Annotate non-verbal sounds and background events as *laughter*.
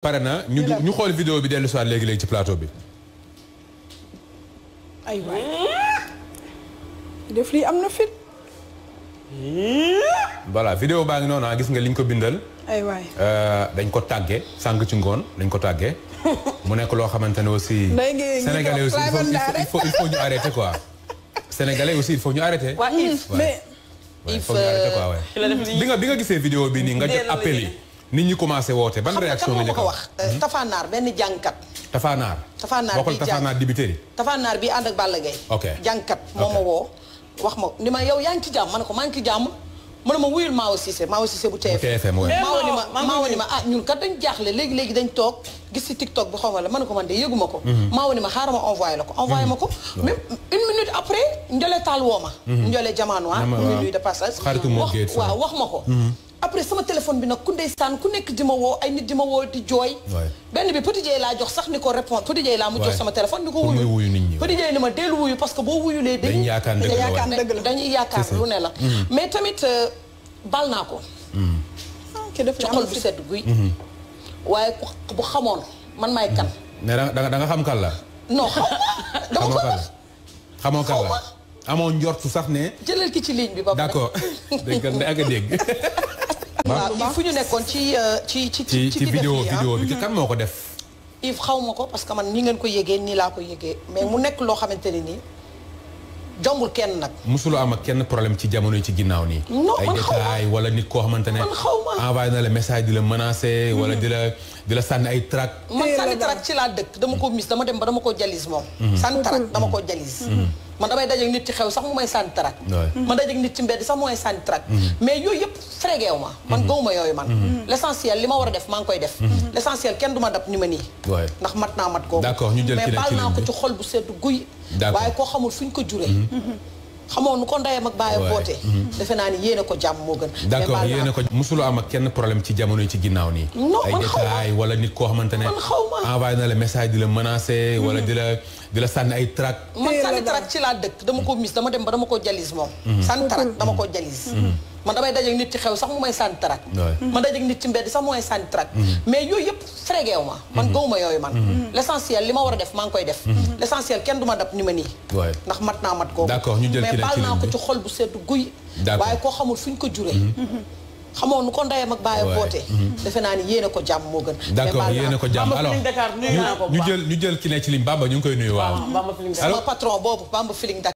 pare na ñu xool vidéo bi dellu si léegi léegi ci plateau bi. aywa def baa ngi noonu ah, gis nga liñ ko bindal. Euh, dañ ko tàggee sànq ci ngoon dañ ko tàggee *laughs* mu nekk loo xamante ne aussi. Sénégalais aussi il ñu arrêter quoi. Sénégalais aussi il faut ñu arrêter. mais il faut euh, *laughs* bi nga gisee vidéo bi nii nga jot appel yi. nit ñi commencé woote ban réaction nga ko wax euh, hmm? Tafanaar benn jàngkat Tafanaar Tafanaar bokkul Tafanaar dibiteri Tafanaar bi ànd ak Balla Gaye ok jàngkat moo ma woo wax ma ni ma yow yaa ngi ci jàmm ma ne ko maa ngi ci jàmm mu ne ma wuyul Maawo Cissé Maawo Cissé bu TFM Maawo ni ma Maawo ni ma ah ñun kat dañ jaaxle léegi-léegi dañ toog gis si TikTok bi xaw ma la ma ne ko man de yëguma ko mhm. Maawo ni ma xaaral ma envoyé la ko envoyé ma ko hmm. même une minute après Ndiolé Tall woo ma mhm. Ndiolé Jamanois une minute de passage wax waaw wax ma ko mhm. après sama téléphone bi nag ku ndeysaan ku nekk di ma woo ay nit di ma woo di jooy. benn bi Petit laa jox sax ni ko répondre Petit Dieye laa mu jox sama téléphone. ni ko wuyu wuyu nit ñi Petit Dieye ni ma dellu wuyu parce que boo wuyulee. dañuy yaakaar dëgg la dañuy yaakaar lu ne mm-hmm. euh, naa ko. Mm-hmm. Ah, ci xol bu sedd guy. Mm-hmm. waaye bu xamoon man maay kan. mais da nga xam kan la. non xaw *laughs* ma dama ko wax xamoo kan la amoon njortu sax ne. jëlal ki ci ligne bi ba pare. d'accord *laughs* dégg nga dégg. *laughs* baax waaw fu ñu nekkoon euh, ci ci ci ci. ci vidéo vidéo ah. bi kan moo ko def. Mm-hmm. if xaw ma ko parce que man nii ngeen ko yëgee nii laa ko yëgee mais mu nekk loo xamante ne nii jombul kenn nag. musul am ak kenn problème ci jamono yi ci ginnaaw nii. ay détails wala nit koo xamante ne. envoyé na la message di la menacé. Mm-hmm. wala di la di la sànni ay trac. man sànni trac ci laa dëkk dama ko mis dama dem ba dama koo jalis moom. Mm-hmm. sànni trac dama ko jalis. man damay dajeeg nit ci xew sax mu may sànni trac man dajeeg nit ci mbedd sax mu may sànni trac mm-hmm. mais yooyu yëpp frégeew ma man mm-hmm. gawuma yooyu man mm-hmm. l' li ma war a def maa ngi koy def l' kenn du ma dab ni ma nii ndax mat naa mat googu mais baal naa ko ci xol bu sedd guy waaye koo xamul fu ñu ko juree xamoon nu ko ndeyam ak baayam bootee mhm. defe naa ni yéene ko jàmm moo gën d'accord yéene ko musul am ak kenn problème ci jamono yi ci ginnaaw nii ay détails wala nit koo xamante ne envoyé na la message di la menacé mhm. wala di la di la sànni ay trac man sànni trac ci laa dëkk dama ko mis dama dem ba dama ko jalis moom mhm. sànni trac dama ko jalis man damay dajeeg nit ci xew sax mu may sànni trac man dajeeg nit ci mbedd sax mu may sànni trac mm-hmm. mais yooyu yëpp frégeew ma man mm-hmm. gawuma yooyu man mm-hmm. l' li ma war a def maa ngi koy def l' kenn du ma dab ni ma nii ndax mat naa mat koo mais baal naa ko ci xol bu sedd guy waaye koo xamul fu ñu ko juree xamoon nu ko ndeyam ak bàyyi bootee defe naa ni yéene ko jàmm moo gën d'accord yéene ko jàmm alors ñu ngi koy nuyu waaw ah, sama patron boobu